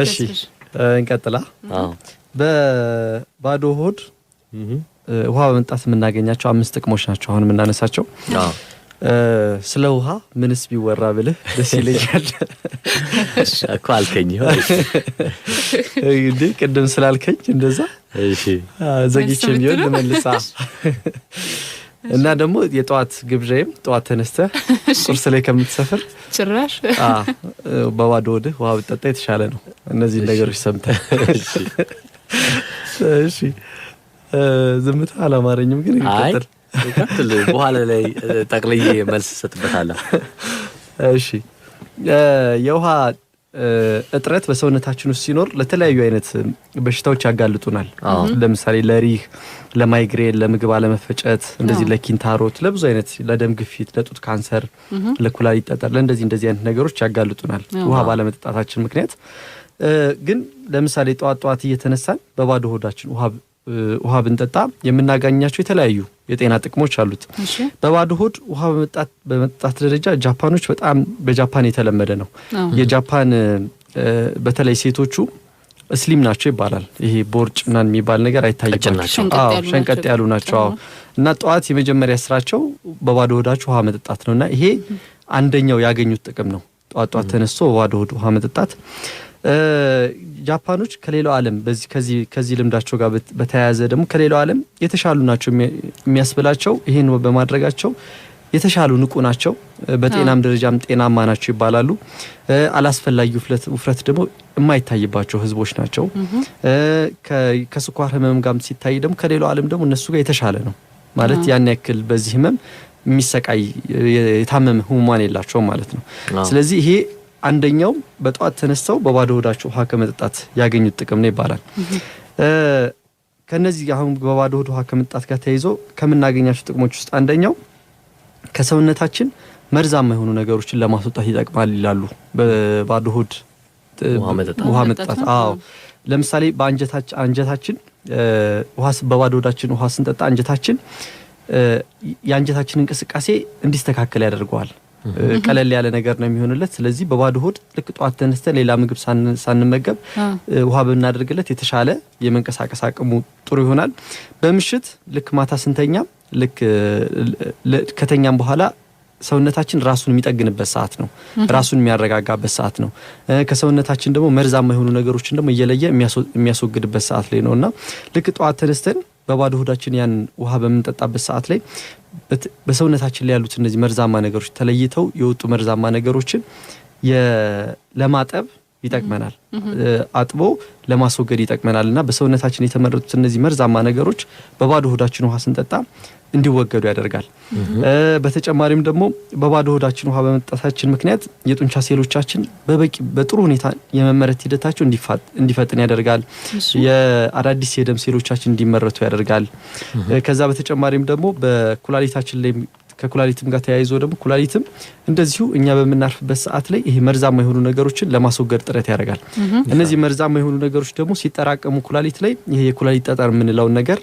እሺ እንቀጥላ። በባዶ ሆድ ውሃ በመጣት የምናገኛቸው አምስት ጥቅሞች ናቸው አሁን የምናነሳቸው። ስለ ውሃ ምንስ ቢወራ ብልህ ደስ ይለኛል እኮ አልከኝ እንዲህ ቅድም ስላልከኝ እንደዛ ዘግቼ ቢሆን ልመልሳ እና ደግሞ የጠዋት ግብዣይም ጠዋት ተነስተ ቁርስ ላይ ከምትሰፍር ጭራሽ በባዶ ወድህ ውሃ ብጠጣ የተሻለ ነው። እነዚህ ነገሮች ሰምተ እሺ። ዝምታ አላማረኝም፣ ግን ይቀጥል። በኋላ ላይ ጠቅልዬ መልስ እሰጥበታለሁ። እሺ የውሃ እጥረት በሰውነታችን ውስጥ ሲኖር ለተለያዩ አይነት በሽታዎች ያጋልጡናል። ለምሳሌ ለሪህ፣ ለማይግሬን፣ ለምግብ አለመፈጨት እንደዚህ ለኪንታሮት፣ ለብዙ አይነት ለደም ግፊት፣ ለጡት ካንሰር፣ ለኩላሊት ጠጠር፣ ለእንደዚህ እንደዚህ አይነት ነገሮች ያጋልጡናል ውሃ ባለመጠጣታችን ምክንያት። ግን ለምሳሌ ጠዋት ጠዋት እየተነሳን በባዶ ሆዳችን ውሃ ብንጠጣ የምናገኛቸው የተለያዩ የጤና ጥቅሞች አሉት። በባዶ ሆድ ውሃ በመጠጣት ደረጃ ጃፓኖች በጣም በጃፓን የተለመደ ነው። የጃፓን በተለይ ሴቶቹ እስሊም ናቸው ይባላል። ይሄ ቦርጭ ምናምን የሚባል ነገር አይታይባቸው። ሸንቀጥ ያሉ ናቸው። እና ጠዋት የመጀመሪያ ስራቸው በባዶ ሆዳቸው ውሃ መጠጣት ነው እና ይሄ አንደኛው ያገኙት ጥቅም ነው። ጠዋት ጠዋት ተነስቶ በባዶ ሆድ ውሃ መጠጣት ጃፓኖች ከሌላው ዓለም በዚህ ከዚህ ከዚህ ልምዳቸው ጋር በተያያዘ ደግሞ ከሌላው ዓለም የተሻሉ ናቸው የሚያስብላቸው ይህን በማድረጋቸው የተሻሉ ንቁ ናቸው። በጤናም ደረጃም ጤናማ ናቸው ይባላሉ። አላስፈላጊ ውፍረት ደግሞ የማይታይባቸው ህዝቦች ናቸው። ከስኳር ህመም ጋር ሲታይ ደግሞ ከሌላው ዓለም ደግሞ እነሱ ጋር የተሻለ ነው ማለት ያን ያክል በዚህ ህመም የሚሰቃይ የታመመ ህሙማን የላቸውም ማለት ነው። ስለዚህ ይሄ አንደኛው በጠዋት ተነስተው በባዶ ሆዳቸው ውሃ ከመጠጣት ያገኙት ጥቅም ነው ይባላል። ከነዚህ አሁን በባዶ ሆድ ውሃ ከመጠጣት ጋር ተያይዞ ከምናገኛቸው ጥቅሞች ውስጥ አንደኛው ከሰውነታችን መርዛማ የሆኑ ነገሮችን ለማስወጣት ይጠቅማል ይላሉ። በባዶ ሆድ ውሃ መጠጣት። አዎ ለምሳሌ በአንጀታችን ውሃ በባዶ ሆዳችን ውሃ ስንጠጣ አንጀታችን የአንጀታችን እንቅስቃሴ እንዲስተካከል ያደርገዋል። ቀለል ያለ ነገር ነው የሚሆንለት። ስለዚህ በባዶ ሆድ ልክ ጠዋት ተነስተን ሌላ ምግብ ሳንመገብ ውሃ ብናደርግለት የተሻለ የመንቀሳቀስ አቅሙ ጥሩ ይሆናል። በምሽት ልክ ማታ ስንተኛ ልክ ከተኛም በኋላ ሰውነታችን ራሱን የሚጠግንበት ሰዓት ነው። ራሱን የሚያረጋጋበት ሰዓት ነው። ከሰውነታችን ደግሞ መርዛማ የሆኑ ነገሮችን ደግሞ እየለየ የሚያስወግድበት ሰዓት ላይ ነው እና ልክ ጠዋት ተነስተን በባዶ ሆዳችን ያን ውሃ በምንጠጣበት ሰዓት ላይ በሰውነታችን ላይ ያሉት እነዚህ መርዛማ ነገሮች ተለይተው የወጡ መርዛማ ነገሮችን ለማጠብ ይጠቅመናል። አጥቦ ለማስወገድ ይጠቅመናል እና በሰውነታችን የተመረጡት እነዚህ መርዛማ ነገሮች በባዶ ሆዳችን ውሃ ስንጠጣ እንዲወገዱ ያደርጋል። በተጨማሪም ደግሞ በባዶ ሆዳችን ውሃ በመጣታችን ምክንያት የጡንቻ ሴሎቻችን በበቂ በጥሩ ሁኔታ የመመረት ሂደታቸው እንዲፈጥን ያደርጋል። የአዳዲስ የደም ሴሎቻችን እንዲመረቱ ያደርጋል። ከዛ በተጨማሪም ደግሞ በኩላሊታችን ላይ ከኩላሊትም ጋር ተያይዞ ደግሞ ኩላሊትም እንደዚሁ እኛ በምናርፍበት ሰዓት ላይ ይሄ መርዛማ የሆኑ ነገሮችን ለማስወገድ ጥረት ያደርጋል። እነዚህ መርዛማ የሆኑ ነገሮች ደግሞ ሲጠራቀሙ ኩላሊት ላይ ይሄ የኩላሊት ጠጠር የምንለውን ነገር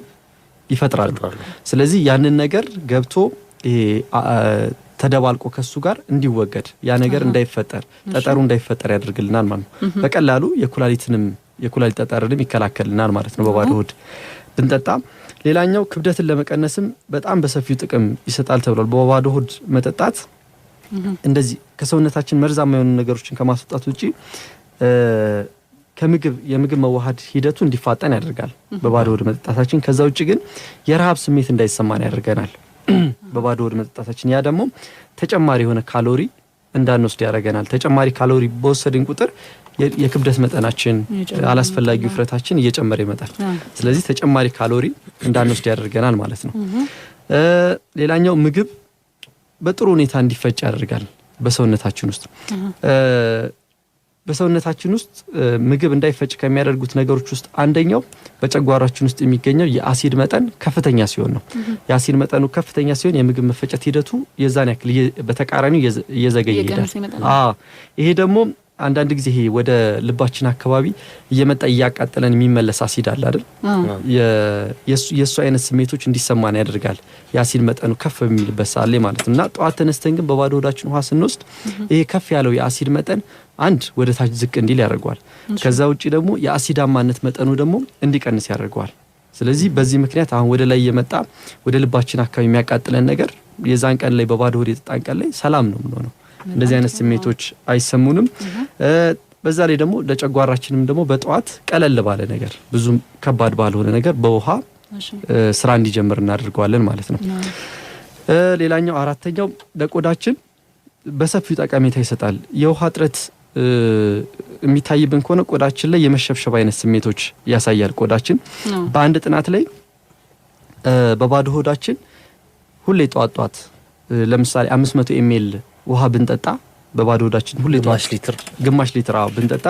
ይፈጥራሉ። ስለዚህ ያንን ነገር ገብቶ ተደባልቆ ከሱ ጋር እንዲወገድ ያ ነገር እንዳይፈጠር ጠጠሩ እንዳይፈጠር ያደርግልናል ማለት ነው። በቀላሉ የኩላሊትንም የኩላሊት ጠጠርንም ይከላከልናል ማለት ነው በባዶ ሆድ ብንጠጣ። ሌላኛው ክብደትን ለመቀነስም በጣም በሰፊው ጥቅም ይሰጣል ተብሏል። በባዶ ሆድ መጠጣት እንደዚህ ከሰውነታችን መርዛማ የሆኑ ነገሮችን ከማስወጣት ውጪ ከምግብ የምግብ መዋሃድ ሂደቱ እንዲፋጠን ያደርጋል በባዶ ወደ መጠጣታችን። ከዛ ውጭ ግን የረሃብ ስሜት እንዳይሰማን ያደርገናል በባዶ ወደ መጠጣታችን። ያ ደግሞ ተጨማሪ የሆነ ካሎሪ እንዳንወስድ ያደርገናል። ተጨማሪ ካሎሪ በወሰድን ቁጥር የክብደት መጠናችን፣ አላስፈላጊ ውፍረታችን እየጨመረ ይመጣል። ስለዚህ ተጨማሪ ካሎሪ እንዳንወስድ ያደርገናል ማለት ነው። ሌላኛው ምግብ በጥሩ ሁኔታ እንዲፈጭ ያደርጋል በሰውነታችን ውስጥ በሰውነታችን ውስጥ ምግብ እንዳይፈጭ ከሚያደርጉት ነገሮች ውስጥ አንደኛው በጨጓራችን ውስጥ የሚገኘው የአሲድ መጠን ከፍተኛ ሲሆን ነው። የአሲድ መጠኑ ከፍተኛ ሲሆን የምግብ መፈጨት ሂደቱ የዛን ያክል በተቃራኒው እየዘገየ ይሄዳል። ይሄ ደግሞ አንዳንድ ጊዜ ይሄ ወደ ልባችን አካባቢ እየመጣ እያቃጠለን የሚመለስ አሲድ አለ አይደል? የእሱ አይነት ስሜቶች እንዲሰማን ያደርጋል። የአሲድ መጠኑ ከፍ የሚልበት ሰዓት ላይ ማለት እና ጠዋት ተነስተን ግን በባዶ ወዳችን ውሃ ስንወስድ ይሄ ከፍ ያለው የአሲድ መጠን አንድ ወደ ታች ዝቅ እንዲል ያደርገዋል። ከዛ ውጭ ደግሞ የአሲዳማነት መጠኑ ደግሞ እንዲቀንስ ያደርገዋል። ስለዚህ በዚህ ምክንያት አሁን ወደ ላይ እየመጣ ወደ ልባችን አካባቢ የሚያቃጥለን ነገር የዛን ቀን ላይ በባዶ ወደ የጠጣን ቀን ላይ ሰላም ነው የምንሆነው። እንደዚህ አይነት ስሜቶች አይሰሙንም። በዛ ላይ ደግሞ ለጨጓራችንም ደግሞ በጠዋት ቀለል ባለ ነገር ብዙም ከባድ ባልሆነ ነገር በውሃ ስራ እንዲጀምር እናደርገዋለን ማለት ነው። ሌላኛው አራተኛው ለቆዳችን በሰፊው ጠቀሜታ ይሰጣል። የውሃ እጥረት የሚታይብን ከሆነ ቆዳችን ላይ የመሸብሸብ አይነት ስሜቶች ያሳያል። ቆዳችን በአንድ ጥናት ላይ በባዶ ሆዳችን ሁሌ ጠዋት ጠዋት ለምሳሌ አምስት መቶ ኤሜል ውሃ ብንጠጣ በባዶ ወዳችን ሁሌ ግማሽ ሊትር ግማሽ ሊትር አዎ ብንጠጣ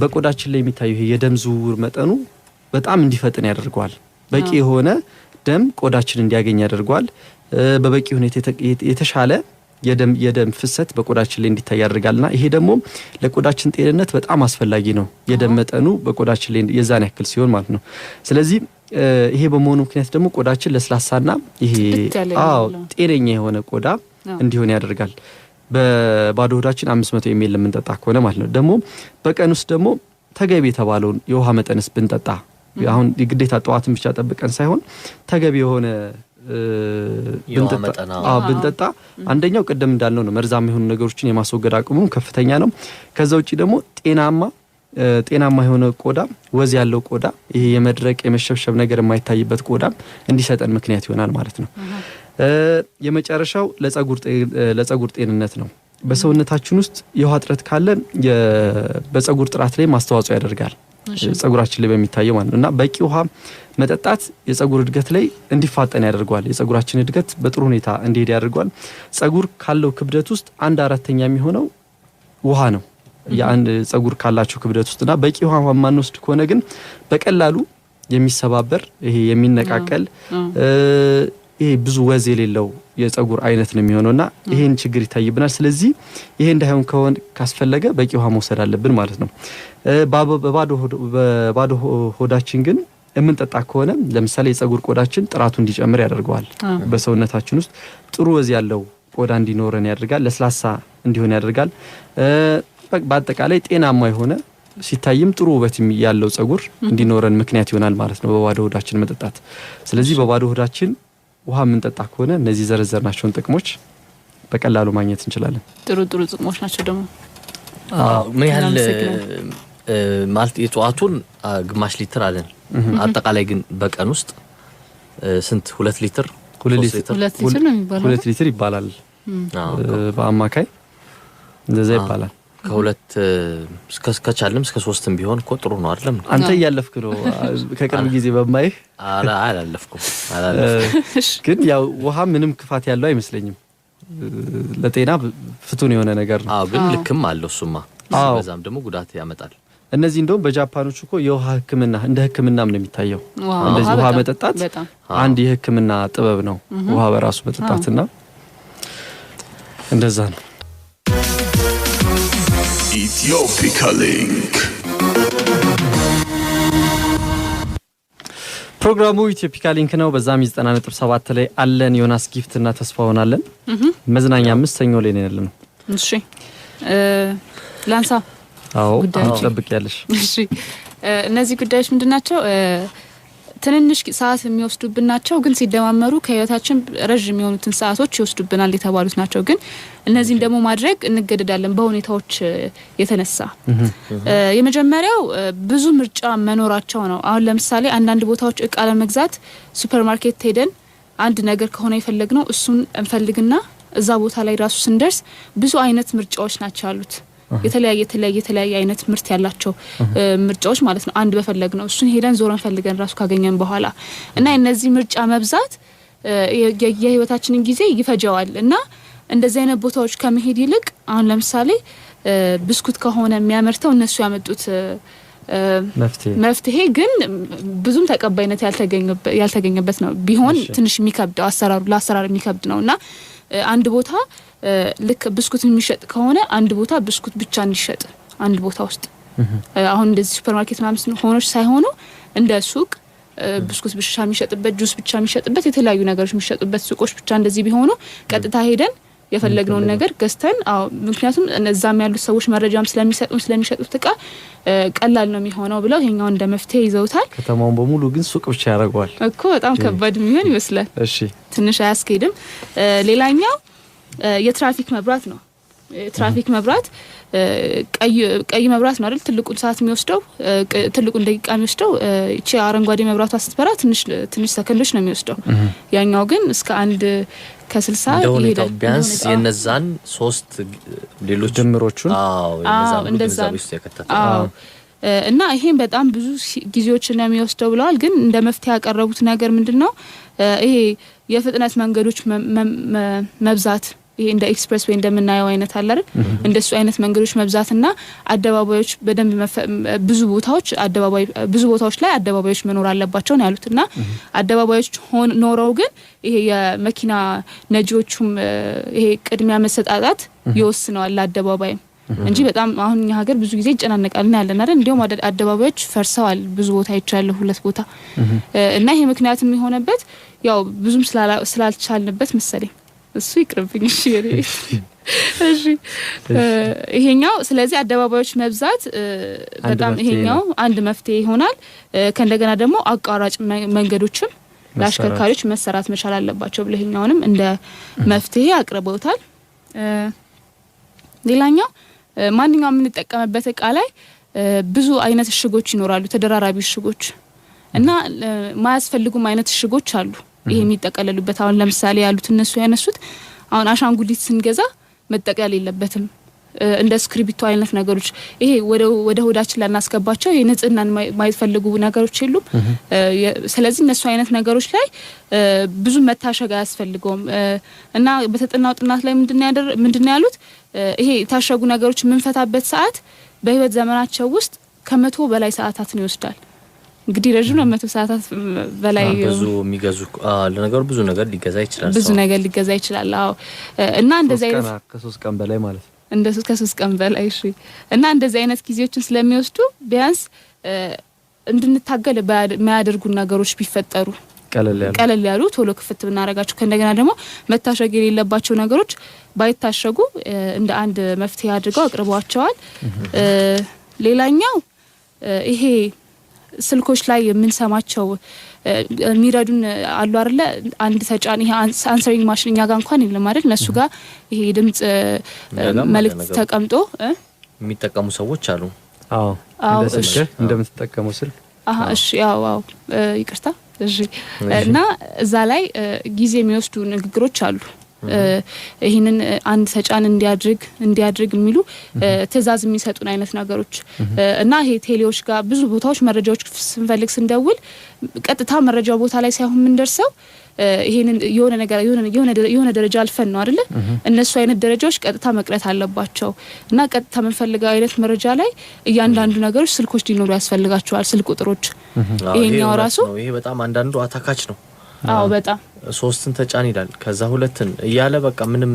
በቆዳችን ላይ የሚታየው ይሄ የደም ዝውውር መጠኑ በጣም እንዲፈጥን ያደርገዋል። በቂ የሆነ ደም ቆዳችን እንዲያገኝ ያደርገዋል። በበቂ ሁኔታ የተሻለ የደም ፍሰት በቆዳችን ላይ እንዲታይ ያደርጋልና ይሄ ደግሞ ለቆዳችን ጤንነት በጣም አስፈላጊ ነው። የደም መጠኑ በቆዳችን ላይ የዛን ያክል ሲሆን ማለት ነው። ስለዚህ ይሄ በመሆኑ ምክንያት ደግሞ ቆዳችን ለስላሳና ይሄ አዎ ጤነኛ የሆነ ቆዳ እንዲሆን ያደርጋል። በባዶ ሆዳችን አምስት መቶ የሚል ለምንጠጣ ከሆነ ማለት ነው ደግሞ በቀን ውስጥ ደግሞ ተገቢ የተባለውን የውሃ መጠንስ ብንጠጣ አሁን የግዴታ ጠዋትን ብቻ ጠብቀን ሳይሆን ተገቢ የሆነ ብንጠጣ አንደኛው ቅድም እንዳልነው ነው መርዛማ የሆኑ ነገሮችን የማስወገድ አቅሙም ከፍተኛ ነው። ከዛ ውጭ ደግሞ ጤናማ ጤናማ የሆነ ቆዳ ወዝ ያለው ቆዳ ይሄ የመድረቅ የመሸብሸብ ነገር የማይታይበት ቆዳ እንዲሰጠን ምክንያት ይሆናል ማለት ነው። የመጨረሻው ለጸጉር ጤንነት ነው። በሰውነታችን ውስጥ የውሃ እጥረት ካለ በጸጉር ጥራት ላይ ማስተዋጽኦ ያደርጋል። ጸጉራችን ላይ በሚታየው ማለት ነው እና በቂ ውሃ መጠጣት የጸጉር እድገት ላይ እንዲፋጠን ያደርገዋል። የጸጉራችን እድገት በጥሩ ሁኔታ እንዲሄድ ያደርገዋል። ጸጉር ካለው ክብደት ውስጥ አንድ አራተኛ የሚሆነው ውሃ ነው። የአንድ ጸጉር ካላቸው ክብደት ውስጥ እና በቂ ውሃ የማንወስድ ከሆነ ግን በቀላሉ የሚሰባበር ይሄ የሚነቃቀል ይሄ ብዙ ወዝ የሌለው የጸጉር አይነት ነው የሚሆነውና ይሄን ችግር ይታይብናል። ስለዚህ ይሄ እንዳይሆን ከሆን ካስፈለገ በቂ ውሃ መውሰድ አለብን ማለት ነው። በባዶ ሆዳችን ግን የምንጠጣ ከሆነ ለምሳሌ የጸጉር ቆዳችን ጥራቱ እንዲጨምር ያደርገዋል። በሰውነታችን ውስጥ ጥሩ ወዝ ያለው ቆዳ እንዲኖረን ያደርጋል። ለስላሳ እንዲሆን ያደርጋል። በአጠቃላይ ጤናማ የሆነ ሲታይም ጥሩ ውበት ያለው ጸጉር እንዲኖረን ምክንያት ይሆናል ማለት ነው በባዶ ሆዳችን መጠጣት። ስለዚህ በባዶ ሆዳችን ውሃ የምንጠጣ ከሆነ እነዚህ ናቸውን ጥቅሞች በቀላሉ ማግኘት እንችላለን። ጥሩ ጥሩ ጥቅሞች ናቸው። ደግሞ ምን ያህል ማለት የጠዋቱን ግማሽ ሊትር አለን። አጠቃላይ ግን በቀን ውስጥ ስንት? ሁለት ሊትር ሁለት ሊትር ይባላል በአማካይ እንደዛ ይባላል። ከሁለት ከቻለም እስከ ሶስትም ቢሆን እኮ ጥሩ ነው አይደለም? አንተ እያለፍክ ነው። ከቅርብ ጊዜ በማይህ አላለፍኩም። ግን ያው ውሃ ምንም ክፋት ያለው አይመስለኝም። ለጤና ፍቱን የሆነ ነገር ነው። አዎ፣ ግን ልክም አለው እሱማ። በዛም ደግሞ ጉዳት ያመጣል። እነዚህ እንደውም በጃፓኖች እኮ የውሃ ሕክምና እንደ ሕክምናም ነው የሚታየው። እንደዚህ ውሃ መጠጣት አንድ የሕክምና ጥበብ ነው። ውሃ በራሱ መጠጣትና እንደዛ ነው። Ethiopica Link ፕሮግራሙ ኢትዮፒካ ሊንክ ነው። በዛም 97 ላይ አለን። ዮናስ ጊፍት እና ተስፋ ሆናለን። መዝናኛ አምስት ሰኞ ላይ ነው ያለነው። እሺ ላንሳ። አዎ ጠብቅ ያለሽ። እሺ እነዚህ ጉዳዮች ምንድን ናቸው? ትንንሽ ሰዓት የሚወስዱብን ናቸው፣ ግን ሲደማመሩ ከህይወታችን ረዥም የሆኑትን ሰዓቶች ይወስዱብናል የተባሉት ናቸው። ግን እነዚህን ደግሞ ማድረግ እንገደዳለን በሁኔታዎች የተነሳ። የመጀመሪያው ብዙ ምርጫ መኖራቸው ነው። አሁን ለምሳሌ አንዳንድ ቦታዎች እቃ ለመግዛት ሱፐርማርኬት ሄደን አንድ ነገር ከሆነ የፈለግነው እሱን እንፈልግና እዛ ቦታ ላይ ራሱ ስንደርስ ብዙ አይነት ምርጫዎች ናቸው ያሉት የተለያየ የተለያየ የተለያየ አይነት ምርት ያላቸው ምርጫዎች ማለት ነው። አንድ በፈለግ ነው እሱን ሄደን ዞረን ፈልገን ራሱ ካገኘን በኋላ እና የነዚህ ምርጫ መብዛት የህይወታችንን ጊዜ ይፈጀዋል እና እንደዚህ አይነት ቦታዎች ከመሄድ ይልቅ አሁን ለምሳሌ ብስኩት ከሆነ የሚያመርተው እነሱ ያመጡት መፍትሄ ግን ብዙም ተቀባይነት ያልተገኘበት ነው። ቢሆን ትንሽ የሚከብደው አሰራሩ ለአሰራር የሚከብድ ነው እና አንድ ቦታ ልክ ብስኩት የሚሸጥ ከሆነ አንድ ቦታ ብስኩት ብቻ እንዲሸጥ አንድ ቦታ ውስጥ አሁን እንደዚህ ማርኬት ምናምን ሆኖች ሳይሆኑ እንደ ሱቅ ብስኩት ብቻ የሚሸጥበት፣ ጁስ ብቻ የሚሸጥበት፣ የተለያዩ ነገሮች የሚሸጡበት ሱቆች ብቻ እንደዚህ ቢሆኑ ቀጥታ ሄደን የፈለግነውን ነገር ገዝተን አዎ፣ ምክንያቱም እዛም ያሉት ሰዎች መረጃም ስለሚሰጡ ስለሚሸጡት እቃ ቀላል ነው የሚሆነው ብለው ይሄኛው እንደ መፍትሄ ይዘውታል። ከተማውን በሙሉ ግን ሱቅ ብቻ ያደርገዋል እኮ በጣም ከባድ የሚሆን ይመስላል። እሺ፣ ትንሽ አያስኬድም። ሌላኛው የትራፊክ መብራት ነው። ትራፊክ መብራት ቀይ መብራት ነው አይደል? ትልቁን ሰዓት የሚወስደው ትልቁን ደቂቃ የሚወስደው እቺ አረንጓዴ መብራቷ ስትበራ ትንሽ ትንሽ ሰከንዶች ነው የሚወስደው። ያኛው ግን እስከ አንድ ከስልሳ ይሄዳል። ቢያንስ የነዛን ሶስት ሌሎች ድምሮቹን እንደዛ ነው እና ይሄን በጣም ብዙ ጊዜዎችን ነው የሚወስደው ብለዋል። ግን እንደ መፍትሄ ያቀረቡት ነገር ምንድን ነው? ይሄ የፍጥነት መንገዶች መብዛት ይሄ እንደ ኤክስፕሬስ ወይ እንደምናየው አይነት አለ አይደል? እንደሱ አይነት መንገዶች መብዛትና አደባባዮች በደንብ ብዙ ቦታዎች አደባባይ ብዙ ቦታዎች ላይ አደባባዮች መኖር አለባቸው ነው ያሉትና አደባባዮች አደባባዮች ኖረው ግን ይሄ የመኪና ነጂዎቹም ይሄ ቅድሚያ መሰጣጣት ይወስነዋል አደባባይም እንጂ በጣም አሁን እኛ ሀገር ብዙ ጊዜ ይጨናነቃል እና ያለን አይደል? እንዲሁም አደባባዮች ፈርሰዋል ብዙ ቦታ ይቻለሁ ሁለት ቦታ እና ይሄ ምክንያትም የሆነበት ያው ብዙም ስላልቻልንበት መሰለኝ እሱ ይቅርብኝ። እሺ እሺ ይሄኛው ስለዚህ አደባባዮች መብዛት በጣም ይሄኛው አንድ መፍትሄ ይሆናል። ከእንደገና ደግሞ አቋራጭ መንገዶችም ለአሽከርካሪዎች መሰራት መቻል አለባቸው ብለው ይሄኛውንም እንደ መፍትሄ አቅርበውታል። ሌላኛው ማንኛውም የምንጠቀምበት እቃ ላይ ብዙ አይነት እሽጎች ይኖራሉ፣ ተደራራቢ እሽጎች እና ማያስፈልጉም አይነት እሽጎች አሉ ይሄ የሚጠቀለሉበት አሁን ለምሳሌ ያሉት እነሱ ያነሱት አሁን አሻንጉሊት ስንገዛ መጠቀል የለበትም እንደ እስክሪብቶ አይነት ነገሮች ይሄ ወደ ሆዳችን ላናስገባቸው የንጽህናን የማይፈልጉ ነገሮች የሉም። ስለዚህ እነሱ አይነት ነገሮች ላይ ብዙ መታሸግ አያስፈልገውም እና በተጠናው ጥናት ላይ ምንድን ያሉት ይሄ የታሸጉ ነገሮች የምንፈታበት ሰዓት በህይወት ዘመናቸው ውስጥ ከመቶ በላይ ሰዓታትን ይወስዳል። እንግዲህ ረዥም ነው። መቶ ሰዓታት በላይ ብዙ የሚገዙ ለነገሩ ብዙ ነገር ሊገዛ ይችላል። ብዙ ነገር ሊገዛ ይችላል። አዎ እና እንደዚህ አይነት ከሶስት ቀን በላይ ማለት ነው። እንደ ከሶስት ቀን በላይ እሺ። እና እንደዚህ አይነት ጊዜዎችን ስለሚወስዱ ቢያንስ እንድንታገል የሚያደርጉን ነገሮች ቢፈጠሩ ቀለል ያሉ ቶሎ ክፍት ብናደርጋቸው ከእንደገና ደግሞ መታሸግ የሌለባቸው ነገሮች ባይታሸጉ እንደ አንድ መፍትሄ አድርገው አቅርበዋቸዋል። ሌላኛው ይሄ ስልኮች ላይ የምንሰማቸው የሚረዱን አሉ አይደለ? አንድ ተጫን ይሄ አንሰሪንግ ማሽን እኛ ጋር እንኳን የለም አይደል? እነሱ ጋር ይሄ ድምጽ መልእክት ተቀምጦ የሚጠቀሙ ሰዎች አሉ። አዎ እንደምትጠቀሙ ስልክ እሺ፣ ያው አዎ፣ ይቅርታ እሺ። እና እዛ ላይ ጊዜ የሚወስዱ ንግግሮች አሉ ይህንን አንድ ተጫን እንዲያድርግ እንዲያድርግ የሚሉ ትዕዛዝ የሚሰጡን አይነት ነገሮች እና ይሄ ቴሌዎች ጋር ብዙ ቦታዎች መረጃዎች ስንፈልግ ስንደውል ቀጥታ መረጃ ቦታ ላይ ሳይሆን የምንደርሰው ይሄንን የሆነ ነገር የሆነ ደረጃ አልፈን ነው አይደለ? እነሱ አይነት ደረጃዎች ቀጥታ መቅረት አለባቸው እና ቀጥታ የምንፈልገው አይነት መረጃ ላይ እያንዳንዱ ነገሮች ስልኮች ሊኖሩ ያስፈልጋቸዋል። ስልክ ቁጥሮች ይሄኛው ራሱ ይሄ በጣም አንዳንዱ አታካች ነው። አዎ በጣም ሶስትን ተጫን ይላል። ከዛ ሁለትን እያለ በቃ ምንም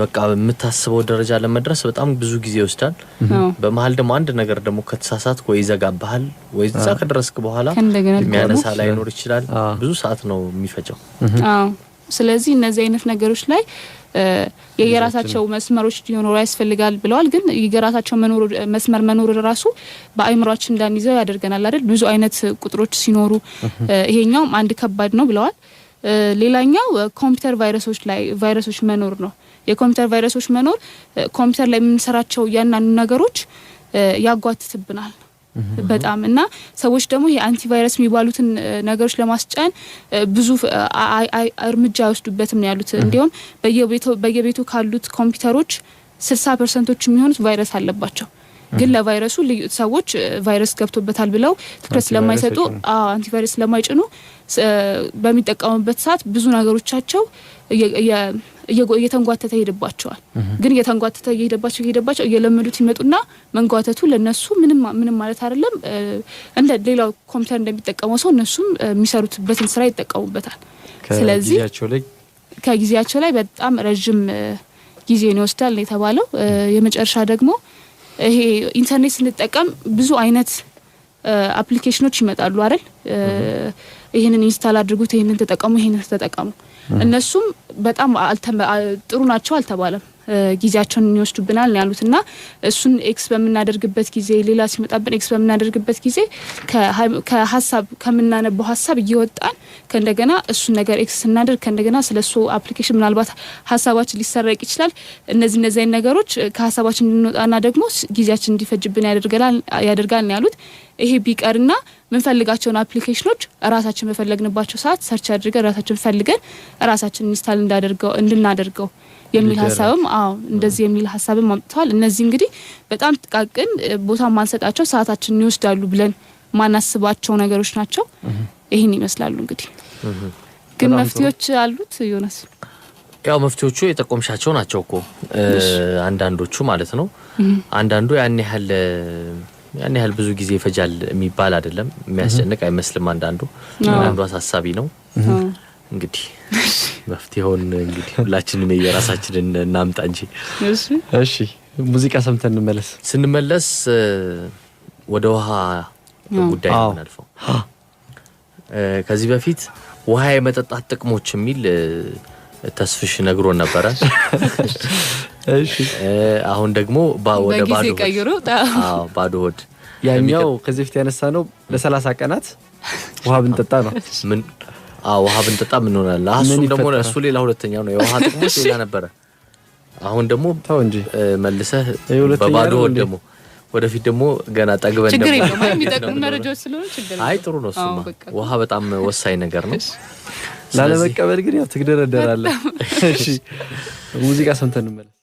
በቃ የምታስበው ደረጃ ለመድረስ በጣም ብዙ ጊዜ ይወስዳል። በመሀል ደግሞ አንድ ነገር ደግሞ ከተሳሳት ወይ ይዘጋብሃል ወይ እዛ ከደረስክ በኋላ የሚያነሳ ላይኖር ይችላል። ብዙ ሰዓት ነው የሚፈጀው። ስለዚህ እነዚህ አይነት ነገሮች ላይ የየራሳቸው መስመሮች ሊኖሩ ያስፈልጋል ብለዋል። ግን የየራሳቸው መስመር መኖር ራሱ በአእምሯችን እንዳንይዘው ያደርገናል አይደል? ብዙ አይነት ቁጥሮች ሲኖሩ ይሄኛውም አንድ ከባድ ነው ብለዋል። ሌላኛው ኮምፒውተር ቫይረሶች ላይ ቫይረሶች መኖር ነው። የኮምፒውተር ቫይረሶች መኖር ኮምፒውተር ላይ የምንሰራቸው ያናኑ ነገሮች ያጓትትብናል። በጣም እና ሰዎች ደግሞ የአንቲቫይረስ የሚባሉትን ነገሮች ለማስጫን ብዙ እርምጃ አይወስዱበትም ነው ያሉት። እንዲሁም በየቤቱ ካሉት ኮምፒውተሮች ስልሳ ፐርሰንቶች የሚሆኑት ቫይረስ አለባቸው። ግን ለቫይረሱ ሰዎች ቫይረስ ገብቶበታል ብለው ትኩረት ስለማይሰጡ አንቲቫይረስ ስለማይጭኑ በሚጠቀሙበት ሰዓት ብዙ ነገሮቻቸው እየተንጓተተ ይሄድባቸዋል። ግን እየተንጓተተ እየሄደባቸው እየሄደባቸው እየለመዱት ይመጡና መንጓተቱ ለነሱ ምንም ማለት አይደለም። እንደ ሌላው ኮምፒውተር እንደሚጠቀመው ሰው እነሱም የሚሰሩትበትን ስራ ይጠቀሙበታል። ስለዚህ ከጊዜያቸው ላይ በጣም ረዥም ጊዜን ይወስዳል የተባለው የመጨረሻ ደግሞ ይሄ ኢንተርኔት ስንጠቀም ብዙ አይነት አፕሊኬሽኖች ይመጣሉ አይደል? ይህንን ኢንስታል አድርጉት፣ ይህንን ተጠቀሙ፣ ይህንን ተጠቀሙ። እነሱም በጣም ጥሩ ናቸው አልተባለም። ጊዜያቸውን ይወስዱብናል ነው ያሉት። እና እሱን ኤክስ በምናደርግበት ጊዜ ሌላ ሲመጣብን ኤክስ በምናደርግበት ጊዜ ከሀሳብ ከምናነበው ሀሳብ እየወጣን ከእንደገና እሱን ነገር ኤክስ ስናደርግ ከእንደገና ስለ እሱ አፕሊኬሽን ምናልባት ሀሳባችን ሊሰረቅ ይችላል። እነዚህ እነዚህ ነገሮች ከሀሳባችን እንድንወጣና ደግሞ ጊዜያችን እንዲፈጅብን ያደርጋል ነው ያሉት። ይሄ ቢቀርና ምንፈልጋቸውን አፕሊኬሽኖች ራሳችን በፈለግንባቸው ሰዓት ሰርች አድርገን ራሳችን ፈልገን ራሳችን ኢንስታል እንዳደርገው እንድናደርገው የሚል ሀሳብም አዎ እንደዚህ የሚል ሀሳብም አምጥተዋል። እነዚህ እንግዲህ በጣም ጥቃቅን ቦታ ማንሰጣቸው ሰዓታችንን ይወስዳሉ ብለን ማናስባቸው ነገሮች ናቸው። ይህን ይመስላሉ እንግዲህ ግን መፍትሄዎች አሉት ዮናስ? ያው መፍትሄዎቹ የጠቆምሻቸው ናቸው እኮ አንዳንዶቹ ማለት ነው። አንዳንዱ ያን ያህል ያን ያህል ብዙ ጊዜ ይፈጃል የሚባል አይደለም። የሚያስጨንቅ አይመስልም። አንዳንዱ አንዱ አሳሳቢ ነው። እንግዲህ መፍትሄውን እንግዲህ ሁላችንም የራሳችንን እናምጣ እንጂ። እሺ ሙዚቃ ሰምተን እንመለስ። ስንመለስ ወደ ውሃ ጉዳይ ነው የምናልፈው። ከዚህ በፊት ውሃ የመጠጣት ጥቅሞች የሚል ተስፍሽ ነግሮን ነበረ። አሁን ደግሞ ወደ ባዶ ቀይሩ ባዶ ሆድ ያኛው ከዚህ በፊት ያነሳ ነው። ለሰላሳ ቀናት ውሃ ብንጠጣ ነው ምን ውሃ ብንጠጣ ምን ሆናል? እሱም ደግሞ እሱ ሌላ ሁለተኛው ነው። የውሃ ጥቅሙ ሌላ ነበረ። አሁን ደግሞ ተው እንጂ መልሰህ በባዶ ሆድ ደግሞ ወደፊት ደግሞ ገና ጠግበን ችግር የለውም። የሚጠቅሙ መረጃዎች ስለሆነ ችግር አይ ጥሩ ነው። እሱማ ውሃ በጣም ወሳኝ ነገር ነው። ላለመቀበል ግን ያው ትግደረደራለህ። እሺ ሙዚቃ ሰምተን እንመለስ።